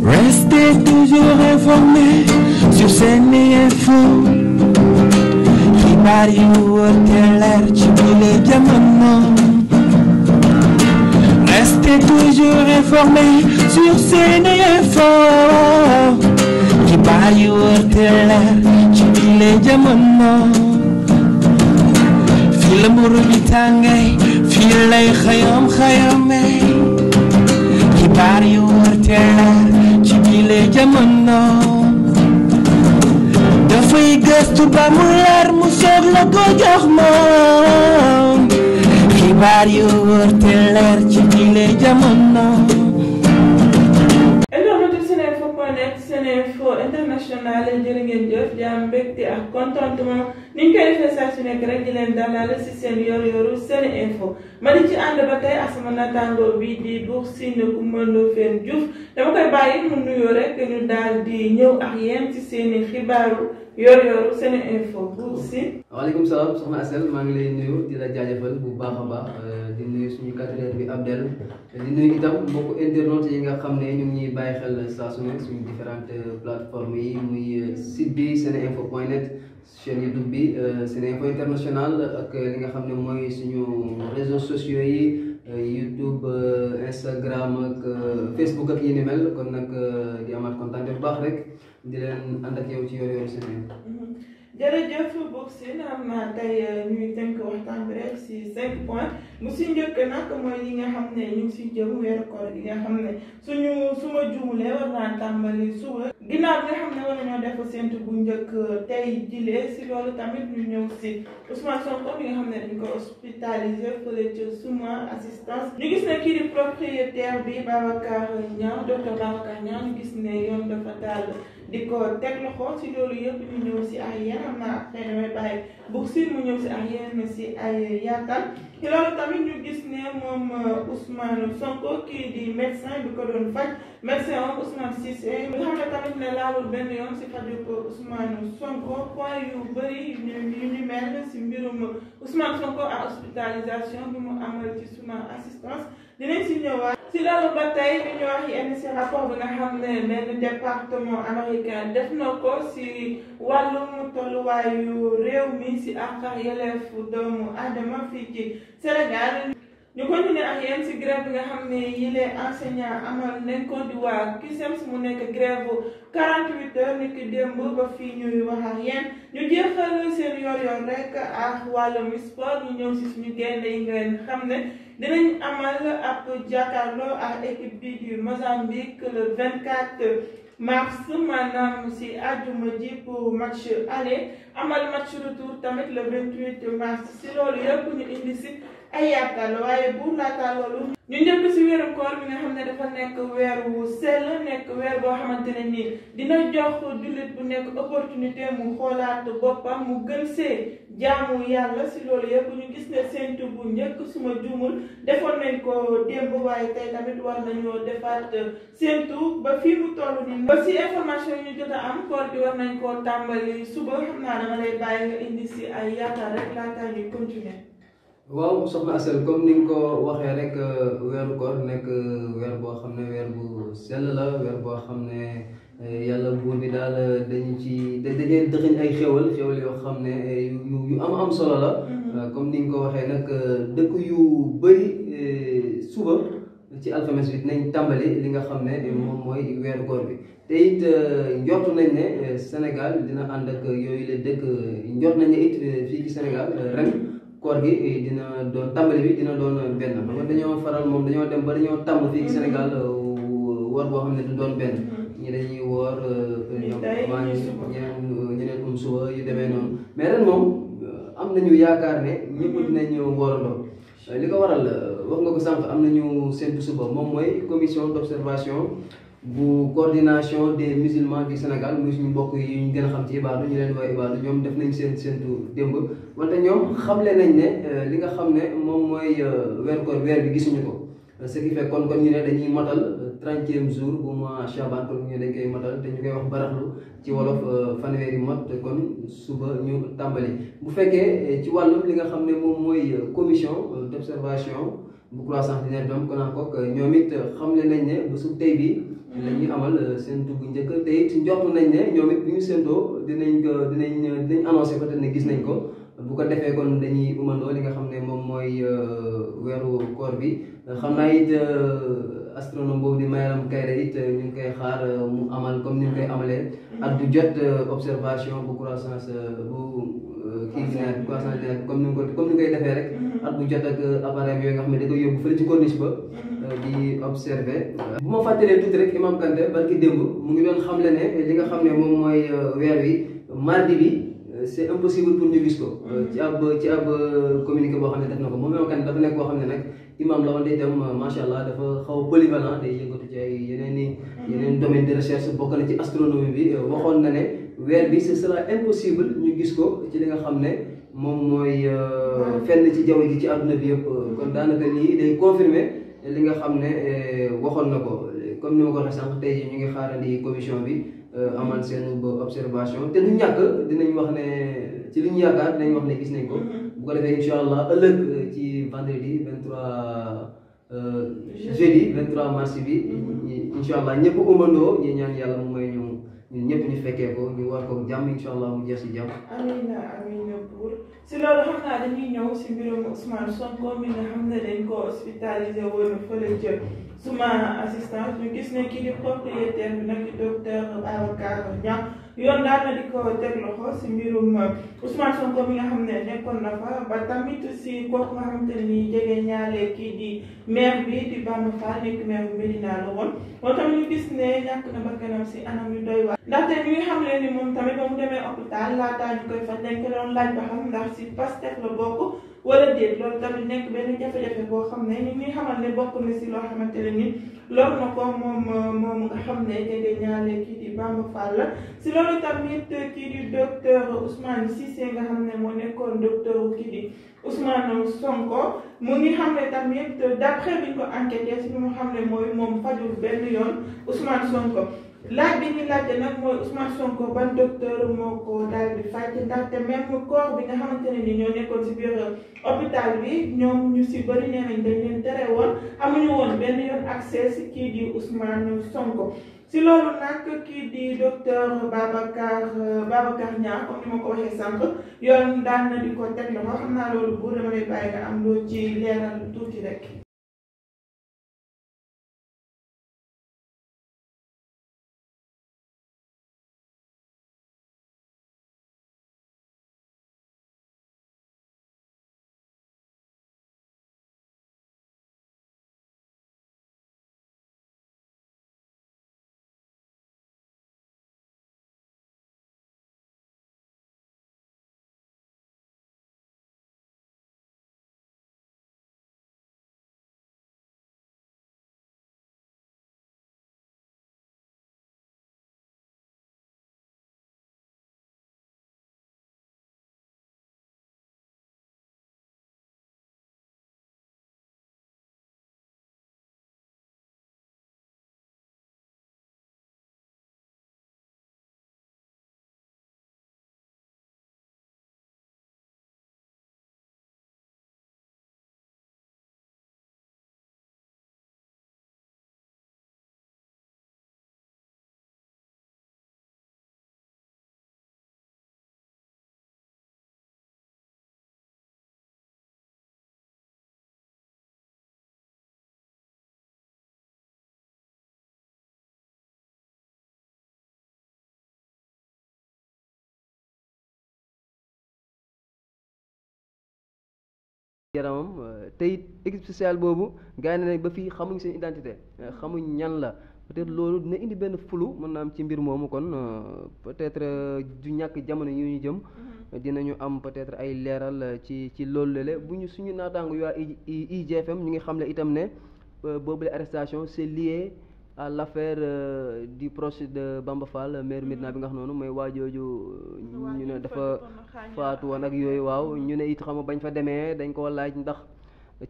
Restez toujours informés sur SeneInfo xibaar yu wóor te ci bile jamono Restez toujours informés sur SeneInfo xibaar yu wóor la mburu bi yu wóor te doxale jamono dafay gëstu ba mu leer mu soog la ko jox moom xibaar yu wër te leer ci bile jamono info.net Seneinfo International jërë ngeen jëf di am mbégte ak contentement ni ñu koy defee saa su nekk rek di si seen yor yoru Seneinfo ma di ci ànd ba tey ak sama naataangoo bi di Buur Sine Coumba Ndoffène Diouf dama koy bàyyi mu nuyoo rek ñu daal di ñëw ak yéen ci seeni xibaaru yor yoru Seneinfo Buur Sine. waaleykum salaam soxna Asel maa ngi lay di la jaajëfal bu ba a euh, nuyu suñu cadre bi Abdel di nuyu itam mbokku internautes yi nga xam ne ñu ngi ñuy bàyyi xel saa su ne suñu différentes plateformes yi muy euh, site bi seneinfo point net chaîne YouTube bi euh, seneinfo international ak li nga xam ne mooy suñu réseaux sociaux yi. Euh, YouTube Instagram ak Facebook ak yi ni mel kon nag di amaat kontaan bu baax rek di leen ànd ak yow ci Yoor Yooru Seneinfo mm-hmm. jërëjëf Bour Sine am na tey euh, ñuy tënk waxtaan bi rek si cinq points bu si njëkk nag mooy li nga xam ne ñu ngi si jëm weeru koor gi nga xam ne suñu suma juulee war naa tàmbali suba ginnaaw bi nga xam ne war nañoo def séntu bu njëkk euh, tey jilee si loolu tamit ñu ñëw si Ousmane Sonko mi nga xam ne dañ ko hospitalisé fële ca suma assistance ñu gis ne kii di propriétaire bi Babacar Niang docteur Babacar Niang ñu gis ne yoon dafa daal di ko teg loxo si loolu yëpp ñu ñëw si ay yaram na xëy na may bàyyi bu si mu ñëw si ay yenn si ay yaatal ci loolu tamit ñu gis ne moom euh, Ousmane Sonko kii di médecin bi ko doon faj médecin moom Ousmane Cissé nga xam ne tamit ne laawul benn yoon si ko Ousmane Sonko point yu bëri ñu ñu ñu mel si mbirum Ousmane Sonko à hospitalisation bi mu amal ci suma assistance dinañ si ñëwaat. ci loolu bata tey ñu ñu wax yenn si rapport bi nga xam ne benn département américain def na ko si wàllum tolluwaayu réew mi si àq ak yelleefu doomu aadama fii ci Sénégal. ñu continué ak yéen si grève bi nga xam ne yile enseignant amal nañ ko di waa CUSEMS e mu nekk grève bu 48 heures ni ki démb ba fii ñuy wax ak yéen ñu jeexal seen yor-yor rek ak wàllum sport ñu ñëw si suñu gaynde yi ngeen xam ne. dinañ amal ab jàkkaarloo ak équipe bi du Mozambique le 24 mars maanaam si àjjuma ji pour match aller amal match retour tamit le 28 mars si loolu yëpp ñu indi si. ay yàttal waaye bu laataa loolu ñu njëkk si weeru koor bi nga xam ne dafa nekk weer wu sell nekk weer boo xamante ne nii dina jox jullit bu nekk opportunité mu xoolaat boppam mu gën see jaamu yàlla si loolu yëpp ñu gis ne séntu bu njëkk suma juumul defoon nañ ko démb waaye tey tamit war nañoo defaat séntu ba fii mu toll nii. ba si information yi ñu jot a am koor bi war nañ koo tàmbali suba xam naa dama lay bàyyi nga indi si ay yaatal rek laataa waaw soxna Asel comme ni nga ko waxee rek euh, weeru koor nekk euh, weer boo xam ne weer bu sell la weer boo xam ne euh, yàlla buur bi daal dañu ci dañuy dëxëñ ay xéwal xéwal yoo xam ne yu am am solo la mm-hmm. comme ni nga ko waxee nag dëkk yu bëri suba ci alxames bi dinañ tàmbali li nga xam ne mm-hmm. moom mooy weeru koor bi te it njort nañ ne Sénégal dina ànd ak yooyu la dëkk njort nañ ne it fii ci Sénégal ren koor gi eh, dina doon tàmbali bi dina doon benn xam nga dañoo faral moom dañoo dem ba dañoo tàmm fii Sénégal mm-hmm. euh, woor boo xam ne du doon benn mm-hmm. ñi dañuy woor euh, ñoom avant ñeneen ñeneen um suba yu demee noonu mais ren moom euh, am ñu yaakaar ne ñëpp mm-hmm. dinañ woorandoo li ko waral wax nga ko sànq am nañu seen bu suba moom mooy commission d' bu coordination des musulmans du Sénégal muy suñu mbokk yi ñu gën a xam ci ibaadu ñu leen woowee ibaadu ñoom def nañu seen seen tour démb wante ñoom xamle nañ ne euh, li nga xam ne moom mooy euh, weer koor weer bi gisuñu ko euh, ce qui fait kon kon ñu ne dañuy matal trentième jour bu mois Chaban kon ñu dañ koy matal te ñu koy wax baraxlu ci wolof fanweeri mot kon suba ñu tàmbali bu fekkee ci wàllum li nga xam ne moom mooy commission d'observation bu croissance dinañ doom kon encore ñoom it xamle nañ ne bu sub tey bi la amal seen dugg njëkk te it njort nañ ne ñoom it bu ñu séentoo dinañ ko dinañ dinañ annoncé peut ne gis nañ ko bu ko defee kon dañuy umandoo li nga xam ne moom mooy euh, weeru koor bi xam naa it euh, astronome boobu di Mayram Kayre it euh, ñu ngi koy xaar euh, mu amal comme ni ñu koy amalee mm-hmm. ak du jot euh, observation bu croissance bu kii bi naan croissance bi naan comme ni ko comme ni koy defee rek mm-hmm. at bu jot ak appareil yooyu nga xam ne da koy yóbbu fële ci corniche ba mm-hmm. di observer bu ma fàttalee tuuti rek Imam Kanté barki démb mu ngi doon xamle ne li nga xam ne moom mooy weer wi mardi bi c'est impossible pour ñu gis ko. Euh, ci ab ci ab communiqué boo xam ne def na ko moom yow kan dafa nekk boo xam ne nag allah dafa xaw a polyvalent day yëngatu ci ay yeneen i yeneen domaine de recherche bokk na ci astronomie bi euh, waxoon na ne weer bi ce sera impossible ñu gis ko ci li nga xam ne moom mooy euh, fenn ci jaww ji ci àdduna bi yëpp. kon daanaka lii day confirmer li nga xam ne waxoon na ko comme ni ma ko waxee tey ñu ngi xaarandi commission bi. Eh, amal seen observation te du ñàkk dinañ wax ne ci li ñu yaakaar dinañ wax ne gis nañ ko bu ko defee incha allah ëllëg ci vendredi 23 jeudi 23 mars bi incha allah ñëpp ñu ñu ñun ñëpp ñu fekkee ko ñu war ko jàmm mu jeex si jàmm. amiin amiin pour si loolu xam naa dañuy ñëw si mbirum Ousmane Sonko mi nga xam ne dañ ko fële ca. suma assistance ñu gis ne kii di propriétaire bi nag di docteur Babacar Niang yoon daal na di ko teg loxo si mbirum Ousmane Sonko mi nga xam ne nekkoon na fa ba tamit si kooku nga xam te ni jege ñaale kii di maire bi di Bamba Fall nekk maire bu Medina la woon moom tamit ñu gis ne ñàkk na bakkanam si anam a doy waar ndaxte ñu ngi xam leen ni moom tamit ba mu demee hôpital laataa ñu koy faj dañ ko doon laaj ba xam ndax si Pastef la bokk wala déet loolu tamit nekk benn jafe-jafe boo xam ne ñu ngi xamal ne bokk na si loo xamante ne nit loolu na ko moom nga xam ne jege ñaale kii di Bamba Fall la si loolu tamit kii di docteur Ousmane Cissé nga xam ne moo nekkoon docteur kii di Ousmane Sonko mu ngi xam ne tamit d'après bi ñu ko enquêté si ñu mu xam ne mooy moom fajul benn yoon Ousmane Sonko. laaj bi ñu laajte nag mooy Ousmane Sonko ban docteur moo ko daal di fàcc ndaxte même corps bi nga xamante ne ni ñoo nekkoon si biir hôpital bi ñoom ñu si bëri nee nañ dañ leen tere woon amuñu woon benn yoon accès kii di Ousmane Sonko. si loolu nag kii di docteur Babacar Babacar Niang comme ni ma ko waxee sànq yoon daan na di ko teg la xam naa loolu bu dama lay am loo ci leeral tuuti rek. yaramam te it équipe boobu gars yi ne ba fii xamuñ seen identité xamuñ ñan la peut-être loolu dina indi benn flou mën na am ci mbir moomu kon peut-être du ñàkk jamono yu ñu jëm. dinañu am peut-être ay leeral ci ci loolu lele bu ñu suñu naataango yu waa IGFM ñu ngi xamle itam ne boobule arrestation c'est lié. à l' affaire euh, du procès de Bamba Fall maire Medina bi nga xam noonu mooy waajooju euh, ñu ne dafa faatu woon ak yooyu waaw ñu ne it xam bañ fa demee dañ koo laaj ndax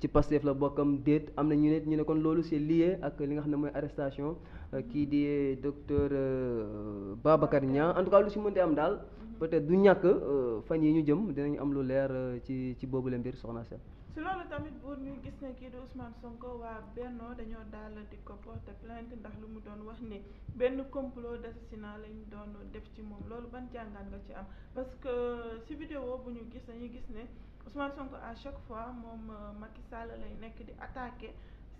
ci Pastef la bokkam déet am na ñu ne ñu ne kon loolu c'est lié ak li nga xam ne mooy arrestation euh, kii di docteur euh, Babacar Niang en tout cas lu si mënti am daal peut-être du ñàkk euh, fan yi ñu jëm dinañu am lu leer euh, ci ci boobule mbir soxna Sène. si loolu tamit buur ñu gis ne kii di Ousmane Sonko waa Benno dañoo daal di ko porter plainte ndax lu mu doon wax ni benn complot d'assassinat lañ doon def ci moom loolu ban jàngaan nga ci am parce que euh, si vidéo bu ñu gis dañuy gis ne Ousmane Sonko à chaque fois moom Macky Sall lay nekk di attaquer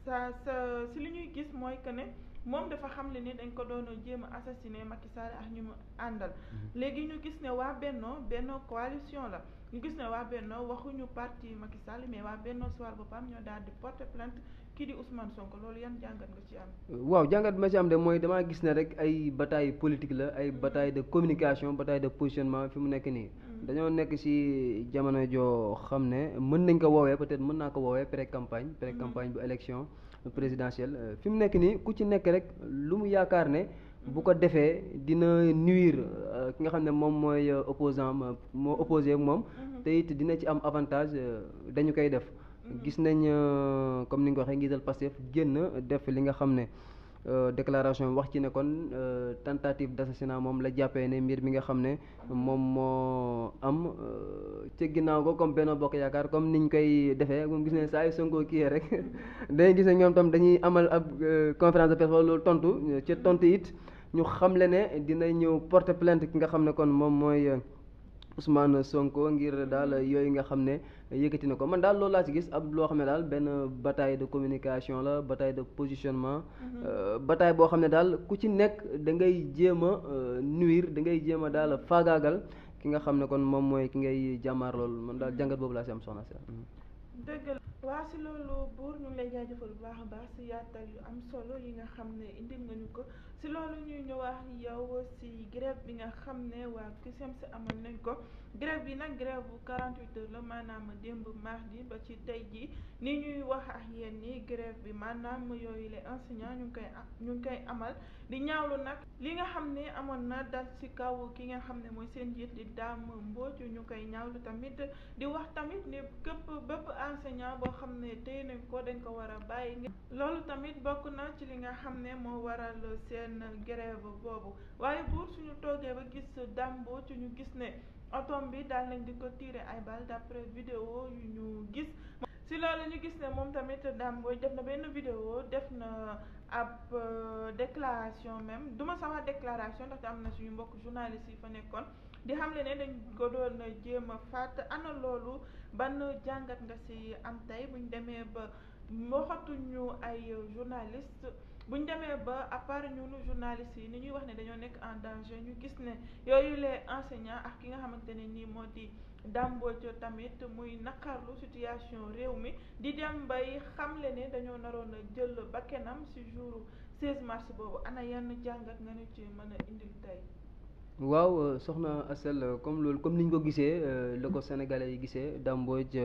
sa sa si li ñuy gis mooy que ne. moom dafa xam xamle ni dañ ko doon jéem a assassiné Macky Sall ak ñu mu àndal. Mhm. léegi ñu gis ne waa Bennoo Bennoo coalition la ñu gis ne waa Bennoo waxuñu parti Macky Sall mais waa Bennoo Siwal Boppam ñoo daal di porter plainte kii di Ousmane Sonko loolu yan jàngat nga ci am. waaw jàngat bi ma ci am de mooy damaa gis ne rek ay bataay politique la ay mhm. bataille de communication bataille de positionnement fi mu nekk nii. Mhm. dañoo nekk ci jamono joo xam ne mën nañ ko woowee peut-être mën naa ko woowee pré campagne pré campagne bu élection présidentielle euh, fi mu nekk nii ku ci nekk rek lu mu yaakaar ne bu ko defee dina nuire euh, ki nga xam ne moom mooy euh, opposant moo opposé moom mhm. teyit dina ci am avantage dañu koy def mhm. gis nañ comme ni nga ko waxee ngisal Pastef génn def li nga xam ne Euh, déclaration bi wax ci ne kon euh, tentative d'assassinat moom la jàppee ne mbir mi nga xam ne moom moo am euh, ci ginnaaw ko comme benn Bokk Yaakaar comme niñ koy defe moom gis ne saa yu Sonko kii rek dañuy gis ne ñoom tam dañuy amal ab conférence de presse loolu tontu ci tontu it ñu xamle ne dina ñëw porter plainte ki nga xam ne kon moom mooy Ousmane Sonko ngir daal yooyu nga xam ne. yëkkati na ko man daal loolu laa si gis ab loo xam ne daal benn bataille de communication la bataille de positionnement. Mhm. Euh, bataay boo xam ne daal ku ci nekk da ngay jéem a euh, nuire da ngay jéem a daal faagaagal ki nga xam ne kon moom mooy ki ngay jàmmaar loolu man daal mhm. jàngat boobu laa ci am soxna si. Mhm. dëgg la loolu buur ñu ngi lay baax a baax si yaatal yu am solo yi nga xam ne indil nga ñu ko si loolu ñuy ñëwaat yow si grève bi nga xam ne waa CUSEMS amal nañ ko. grève bi nag grève bu 48 heures la maanaam démb mardi ba ci tey jii ni ñuy wax ak yéen ni grève bi maanaam yooyule les ñu ngi koy ñu koy amal di ñaawlu nag li nga xam ne amoon na dal ci kaw ki ngeen xam ne mooy seen njiit di Dame Mbodj ñu koy ñaawlu tamit di wax tamit ne këpp bëpp enseignant boo xam ne tey nañ ko dañ ko war a bàyyi. loolu tamit bokk naa ci li nga xam ne moo waral seen grève boobu waaye pour suñu toogee ba gis Dame Mbodj ñu gis ne. otom bi daal nañ di ko tirer ay balle d'après vidéo yu ñu gis si loolu ñu gis ne moom tamit dam Mbodj def na benn vidéo def na ab euh, déclaration même duma sama déclaration ndaxte am na suñu mbokk journaliste yi fa nekkoon di xamle ne dañ ko doon jéem a fàtt ana loolu ban jàngat nga ci am tey buñ demee ba waxatuñu ay journaliste bu ñu demee ba à part ñun yi ni ñuy wax ne dañoo nekk en danger ñu gis ne yooyu les enseignants ak ki nga xamante ne nii moo di dàmboojo tamit muy naqarlu situation réew mi di dem bay xamle ne dañoo naroon a jël bakkenam ci jouru 16 mars boobu ana yenn jàngat nga ñu ci mën a indil tey. waaw euh, soxna Asel euh, comme loolu comme ni ñu ko gisee euh, la ko sénégalais yi gisee Dame Mbodj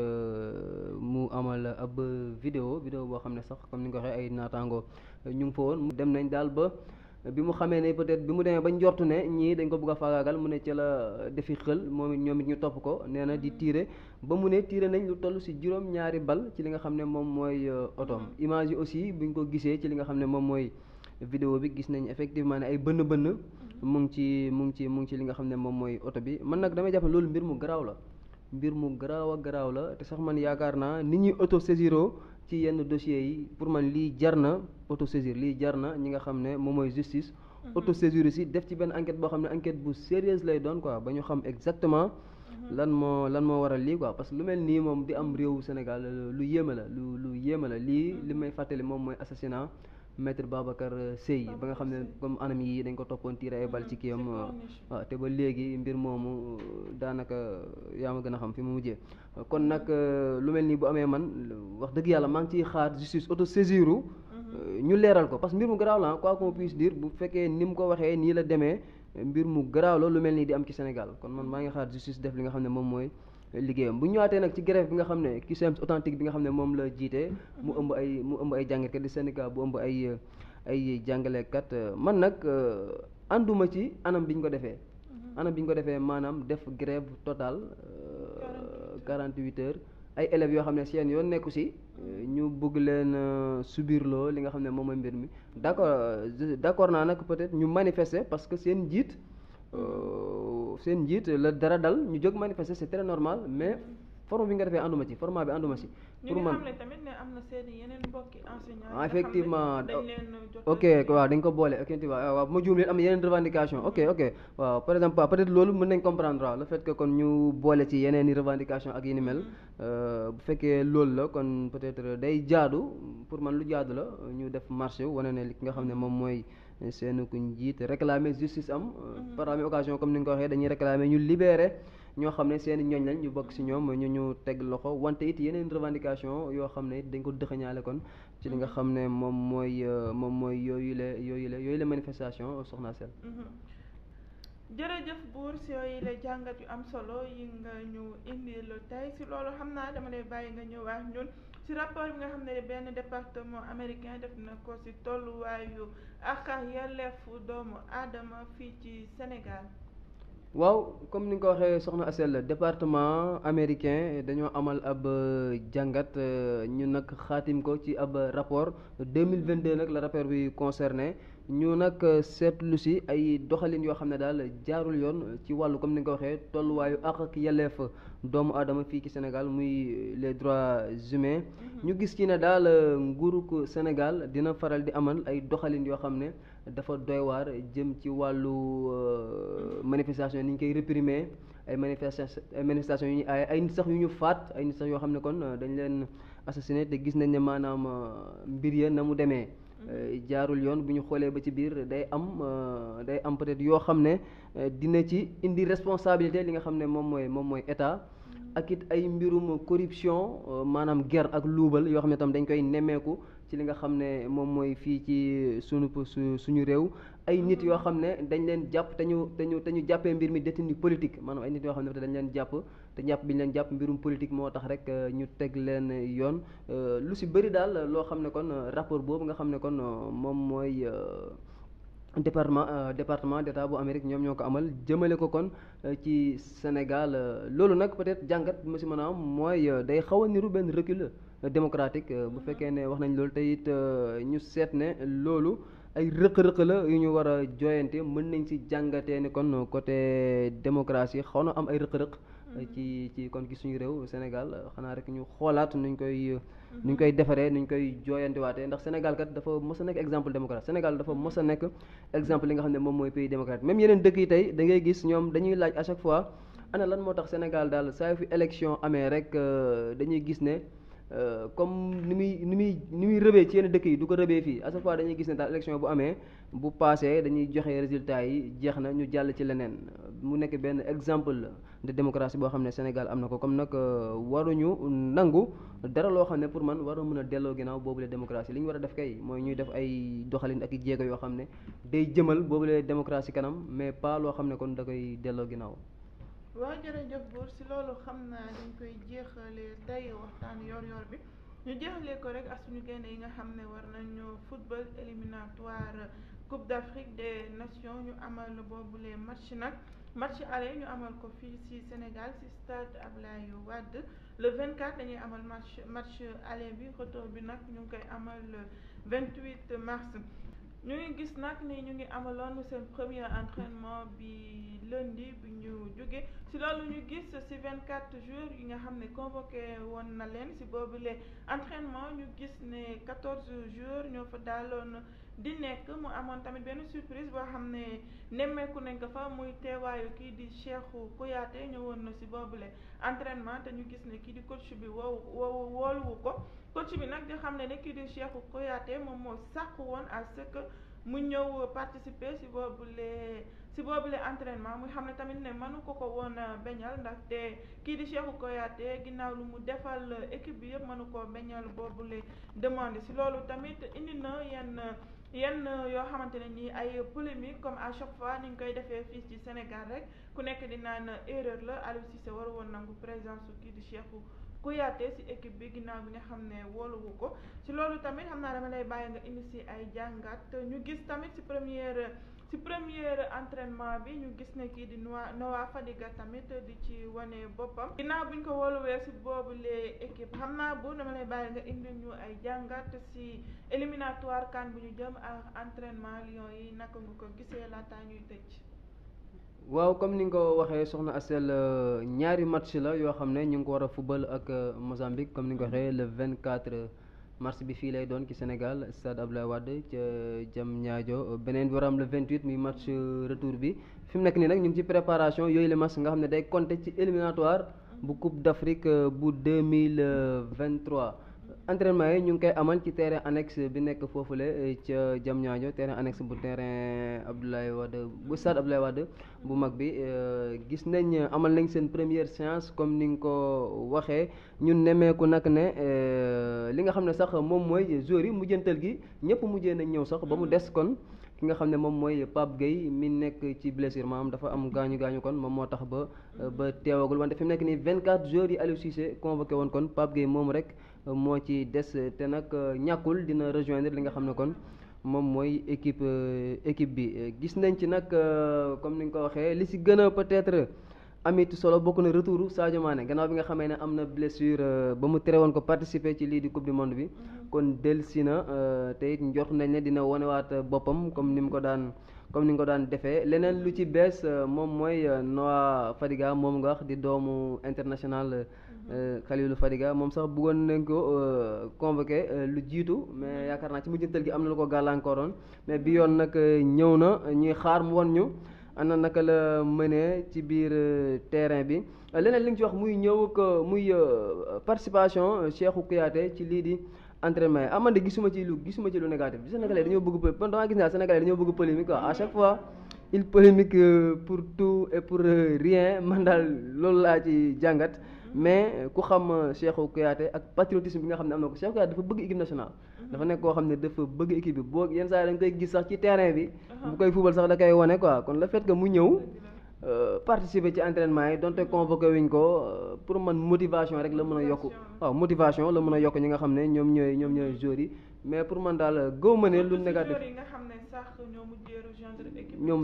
mu amal ab vidéo vidéo boo xam ne sax comme ni nga ko waxee ay naataango ñu ngi fa woon dem nañ daal ba bi mu xamee ne peut-être bi mu demee ba njortu ne ñii dañ ko bëgg a faagaagal mu ne ci la defi xël moom it ñoom it ñu topp ko nee na di tiire ba mu ne tiire nañ lu toll si juróom ñaari bal ci li nga xam ne moom mooy otoom mm-hmm. image yi aussi buñ ko gisee ci li nga xam ne moom mooy vidéo bi gis nañ effectivement ay bënn-bënn mu ci mu ngi ci mu ci li nga xam ne moom mooy oto bi man nag damay jàpp loolu mbir mu garaw la mbir mu garaaw a garaaw la te sax man yaakaar naa nit ñuy auto saisiro ci yenn dossiers yi pour man lii jar na auto saisir lii jar na ñi nga xam ne moom mooy justice mhm. auto saisir si def ci benn enquête boo xam ne enquête bu sérieuse lay doon quoi ba ñu xam exactement mhm. lan moo lan moo waral lii quoi parce que lu mel nii moom di am réewu Sénégal lu yéeme la lu lu yéeme la lii mhm. li may fàttali moom mooy assassinat maître Babacar Seye ba nga xam ne comme anam yi dañ ko toppoon tiire ay bal ci mm-hmm. kii am euh, te ba léegi mbir moomu euh, daanaka yaa ma gën a xam fi mu mujjee kon nag euh, lu mel nii bu amee man wax dëgg yàlla maa ngi ciy xaar justice auto saisiru mm-hmm. ñu leeral ko parce que mbir mu garaaw la quoi qu'on puisse dire bu fekkee ni mu ko waxee nii la demee mbir mu garaaw la lu mel nii di am ci Sénégal kon man maa ngi xaar justice def li nga xam ne moom mooy liggéeyam bu ñëwaatee nag ci grève bi nga xam ne CUSEMS authentique bi nga xam ne moom la jiite mu ëmb ay mu ëmb ay jàngalekat di syndicat bu ëmb ay ay jàngalekat man nag euh, ànduma ci anam bi ñu ko defee mm-hmm. anam bi ñu ko defee maanaam def grève totale euh, quarante huit heures ay élèves yoo xam ne seen yoon nekku si mm-hmm. ñu bëgg leen euh, loo li nga xam ne moom mooy mbir mi d'accord d'accord naa nag peut-être ñu manifester parce que seen njiit mm-hmm. seen njiit la dara dal ñu jóg manifester c'est très normal mais forme bi nga defee ànduma ci format bi ànduma si pour man effectivement oh, ok waaw dañ ko boole ok waaw ma juum am yeneen revendication ok ok waaw par exemple peut être loolu mën nañ comprendre waaw la fait que kon ñu boole ci yeneen i revendication ak yi ni mel mm. euh, bu fekkee loolu la kon peut être day jaadu pour man lu jaadu la ñu def marché wane ne li nga xam ne moom mooy seen ku njiit réclamer justice am euh, mm-hmm. par la même occasion comme ni nga ko waxee dañuy réclamer ñu libérer ñoo xam ne seen ñooñ lañ ñu bokk si ñoom ñu ñu teg loxo wante it yeneen revendication yoo xam ne dañ ko dëxëñaale kon ci li nga xam ne moom mooy euh, moom mooy yooyu la yooyu la yooyu la manifestation soxna Sène mhm. jërëjëf buur si yooyu la jàngat yu am solo yi nga ñu indil tey si loolu xam naa dama lay bàyyi nga ñëwaat ñun si rapport bi nga xam ne benn département américain def na ko si tolluwaayu ak yelleefu doomu aadama fii ci Sénégal waaw comme ni nga ko waxee soxna Asel département américain dañoo amal ab euh, jàngat euh, ñu nag xaatim ko ci ab rapport 2022 nag la rapport bi concerné ñu nag euh, seetlu si ay doxalin yoo xam ne daal jaarul yoon ci wàllu comme ni nga ko waxee tolluwaayu àq ak yelleef doomu aadama fii ci Sénégal muy les droits humains mm-hmm. ñu gis ci ne daal nguurug Sénégal dina faral di amal ay doxalin yoo xam ne dafa doy waar jëm ci wàllu euh, manifestation ni ñu koy reprimer ay manifestation ay yu ñu ay ay nit sax yu ñu faat ay nit sax yoo xam ne kon euh, dañ leen assassiné te gis nañ ne maanaam euh, mbir ya na mu demee jaarul yoon bu ñu xoolee ba ci biir day am day am peut-être yoo xam ne dina ci indi responsabilité li nga xam ne moom mooy moom mooy état mm. ak it ay mbirum corruption maanaam ger ak luubal yoo xam ne tam dañ koy nemmeeku ci li nga xam ne moom mooy fii ci sunu suñu réew ay nit yoo xam ne dañ leen jàpp te ñu te ñu jàppee mbir mi détenu politique maanaam ay nit yoo xam ne dañ leen jàpp te jàpp bi ñu leen jàpp mbirum politique moo tax rek euh, ñu teg leen yoon euh, lu si bëri daal loo xam ne kon rapport boobu nga xam ne kon moom mooy euh, département département d' état bu Amérique ñoom ñoo ko amal jëmale ko kon ci Sénégal loolu nag peut-être jàngat bi ma si mën a am mooy day xaw a niru benn recul démocratique euh, bu fekkee ne wax nañ loolu te it euh, ñu seet ne loolu ay rëq-rëq la yu ñu war a jooyante mën nañ ci jàngatee ni kon côté démocratie xaw na am ay rëq-rëq mm-hmm. ci ci kon ci suñu réew Sénégal xanaa rek ñu xoolaat nuñ koy mm-hmm. nuñ koy defaree ñu koy jooyantiwaatee ndax Sénégal kat dafa mos a nekk exemple démocrate Sénégal dafa mos a nekk exemple li nga xam ne moom mooy pays démocrate même yeneen dëkk yi tey dangay gis ñoom dañuy laaj à chaque fois ana lan moo tax Sénégal daal saa fi élection amee rek euh, dañuy gis ne Euh, comme ni muy ni muy ni muy rëbee ci yenn dëkk yi du ko rëbee fii à dañuy gis ne daal élection bu amee bu passé dañuy joxe résultat yi jeex na ñu jàll ci leneen mu nekk benn exemple la de démocratie boo xam ne Sénégal am na ko comme nag euh, waruñu nangu dara loo xam ne pour man waru mën a delloo ginnaaw boobule démocratie li ñu war a def kay mooy ñuy def ay doxalin ak i jéego yoo xam ne day jëmal boobu boobule démocratie kanam mais pas loo xam ne kon da koy delloo ginnaaw. waaw jërëjëf buur si loolu xam naa dañ koy jeexale tey waxtaan yor yoor bi ñu jeexalee ko rek ak suñu gaynde yi nga xam ne war nañu football éliminatoire Coupe d'Afrique de Nations ñu amal boobule match nag match aller ñu amal ko fii ci Sénégal ci stade yu wadd le 24 dañuy amal match match aller bi retour bi nag ñu ngi koy amal le 28 mars. ñu ngi gis nag ni ñu ngi amaloon seen premier entraînement bi lundi bi ñu jóge si loolu ñu gis si vingt quatre jours yi nga xam ne convoqué woon na leen si boobule entraînement ñu gis ne quatorze jours ñoo fa daaloon di nekk mu amoon tamit benn surprise boo xam ne nemmeeku nañ ko fa muy teewaayu kii di Cheikhou Kouyaté ñëwoon na si boobule entraînement te ñu gis ne kii di coach bi woowu woowu wooluwu ko. coach bi nag di xam ne ne kii di Cheikhou Kouyaté moom moo sàkk woon à ce que mu ñëw participer si boobule si boobule entraînement muy xam ne tamit ne mënu ko ko woon euh, beñal ndaxte kii di Cheikhou Kouyaté ginnaaw lu mu defal euh, équipe bi yëpp mënu koo beñal boobule demande si loolu tamit indi na yenn yenn yoo xamante ne nii ay polémique comme à chaque fois ni ñu koy defee fii ci Sénégal rek ku nekk di naan euh, erreur la Aliou Cissé war woon nangu présence su kii di Cheikhou ku Kouyaté si équipe bi ginnaaw bi nga xam ne wóoluwu ko ci loolu tamit xam naa dama lay bàyyi nga indi si ay jàngat ñu gis tamit si première si première entraînement bi ñu gis ne kii di nois Noah Fadiga tamit di ci wane boppam ginnaaw buñ ko wóoluwee si boobu les équipe xam naa bu dama lay bàyyi nga indi ñu ay jàngat si éliminatoire kan bu ñu jëm ak entraînement Lions yi naka nga ko gisee laataa ñuy tëj waaw comme ni nga ko waxee soxna Asel euh, ñaari match la yoo xam ne ñu ngi ko war a football ak euh, Mozambique comme ni nga ko waxee le vingt quatre mars bi fii lay doon ci Sénégal stade Abdoulaye Wade ca Diamniadio beneen bi war am le vingt huit muy match euh, retour bi fi mu nekk nii nag ñu ngi ci préparation yooyu la match nga xam ne day compter ci éliminatoire bu Coupe d'Afrique bu deux mille vingt trois entraînement yi ñu ngi koy amal ci terrain annexe bi nekk foofu le foofule jam eh, Diamniadio terrain annexe bu terrain Abdoulaye Wade bu stade Abdoulaye Wade bu mag bi eh, gis nañ amal nañ seen première séance comme ni nga ko waxee ñun nemmeeku nag ne eh, li nga xam ne sax moom mooy joueurs yi mujjantal gi ñëpp mujjee nañ ñëw sax ba mu des kon ki nga xam ne moom mooy Pape Gueye mi nekk ci blessure maanaam dafa am gaañu gaañu kon moom moo tax ba ba teewagul wante fi mu nekk nii 24 joueurs yi Aliou Cissé convoqué woon kon Pape Gueye rek. moo ci des te nag euh, ñàkkul dina rejoindre li nga xam ne kon moom mooy équipe euh, équipe bi gis nañ ci nag euh, comme ni nga ko waxee li si gën a peut-être amit solo bokk na retour saa Mané gannaaw bi nga xamee ne am na blessure ba mu tere woon ko participer ci lii di coupe du monde bi mm-hmm. kon delsi na te it njort nañ ne dina wanewaat boppam comme ni mu ko daan comme ni nga ko daan defee leneen lu ci bees euh, moom mooy euh, Noa Fadiga moom nga wax di doomu international euh, mhm. Khalilou Fadiga moom sax buggoon nañ ko convoqué lu jiitu mais mhm. yaakaar naa ci mujjantal gi am na lu ko gàllankooroon mais bi yoon nag ñëw na ñuy xaar mu won ñu ana naka la mënee ci biir terrain bi leneen li nga ci wax muy ñëw ko muy participation Cheikhou Kouyaté ci lii di. entraînement yi ah man de gisuma ci lu gisuma ci lu négatif bi Sénégalais dañoo bëgg po man damaa gis naa Sénégalais dañoo bëgg polémique quoi à chaque fois il polémique euh, pour tout et pour euh, rien man daal loolu laa ci jàngat mais ku xam euh, Cheikhou Kouyaté ak patriotisme bi nga xam ne am na ko Cheikhou Kouyaté dafa bëgg équipe nationale dafa nekk koo xam ne dafa bëgg équipe bi boo yenn saa yi gis sax ci terrain bi bu koy football sax da koy wane quoi kon le fait que mu ñëw Euh, participer ci entraînement yi donte convoqué wuñ ko euh, pour man motivation rek la mun a yokk waaw motivation la mun a yokk ñi nga xam ne ñoom ñooy ñoom ñooy joueurs mais pour man daal euh, gëw ma ne lu négatif ñoom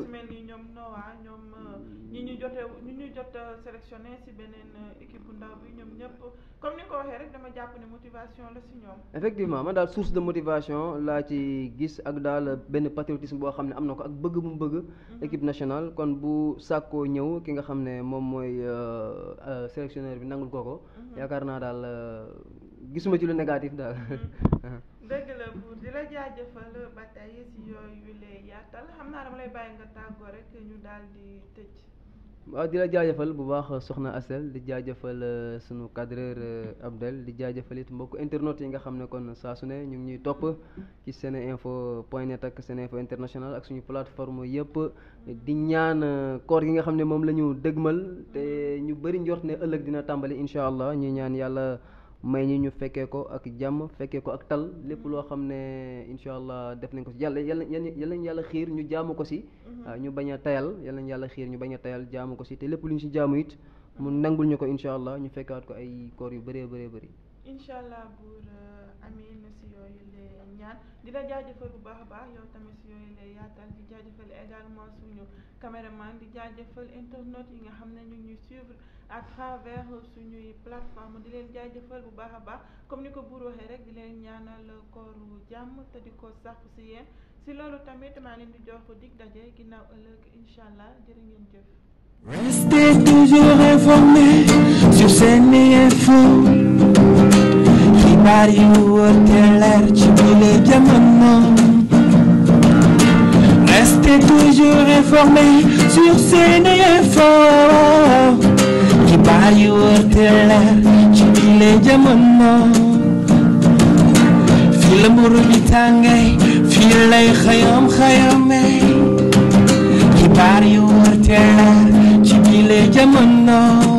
ñu jotee ñu ñu jot sélectionné si beneen euh, équipe bu ndaw bi ñoom ñëpp comme ni ko waxee rek dama jàpp ne motivation la daal source de motivation laa ci gis ak daal benn patriotisme boo xam ne am na ko ak bëgg bu mu bëgg. Mhm. équipe nationale kon bu sàkkoo ñëw ki nga xam ne moom mooy euh, euh, sélectionneur bi nangul ko ko. Mhm. yaakaar naa daal gisuma ci lu négatif daal. Mhm. dëgg la buur di la jaajëfal ba tey yooyu lay yaatal xam naa dama lay bàyyi nga tàggoo rek ñu daal di tëj. waaw di la jaajëfal bu baax soxna Asel di jaajëfal euh, sunu cadreur euh, Abdel di jaajëfal it mbokk internet yi nga xam ne kon saa su ne ñu ngi ñuy topp ci seneinfo point net ak info international ak suñu plateforme yëpp di ñaan euh, koor gi nga xam ne moom la ñu dëgmal te ñu bëri njort ne ëllëg dina tàmbali incha allah ñuy ñaan yàlla. may ñu ñu fekkee ko ak jàmm fekkee ko ak tal lépp loo xam ne incha allah def nañ ko si yàlla yàlla yàlla ñu yàlla xiir ñu jàmm ko si. Mhm. Ah, ñu bañ a tayal yàlla ñu yàlla xiir ñu bañ a tayal jàmm ko si te lépp lu ñu si jàmm it mu nangul ñu ko incha allah ñu fekkaat ko ay koor yu bëree bëree bëri. incha allah buur euh, amin si yooyu la ñaan di la jaajëfal bu baax a baax yow tamit si yooyu la yaatal di jaajëfal également suñu caméraman di jaajëfal internautes yi nga xam ne ñu ngi ñuy suivre suñuy plateforme di leen jaajëfal bu baax a baax comme ni ko buur waxee rek di leen ñaanal wu jàmm te di ko sàpp si yéen si loolu tamit maa leen di jox dig daje ginnaaw ëllëg incha allah jërë ngeen jëf. you send me a phone xibaar yu wóor te leer ci bile jamono restez toujours informé sur Sene Info xibaar yu wóor te leer ci bile jamono fii la mburu bi tàngee fii lay xayam xayamee xibaar yu wóor te leer ci bile jamono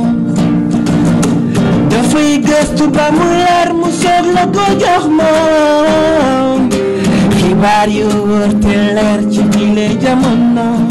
dafay gëstu ba mu leer mu soog la ko jox moom xibaar yu wër te leer ci bile jamono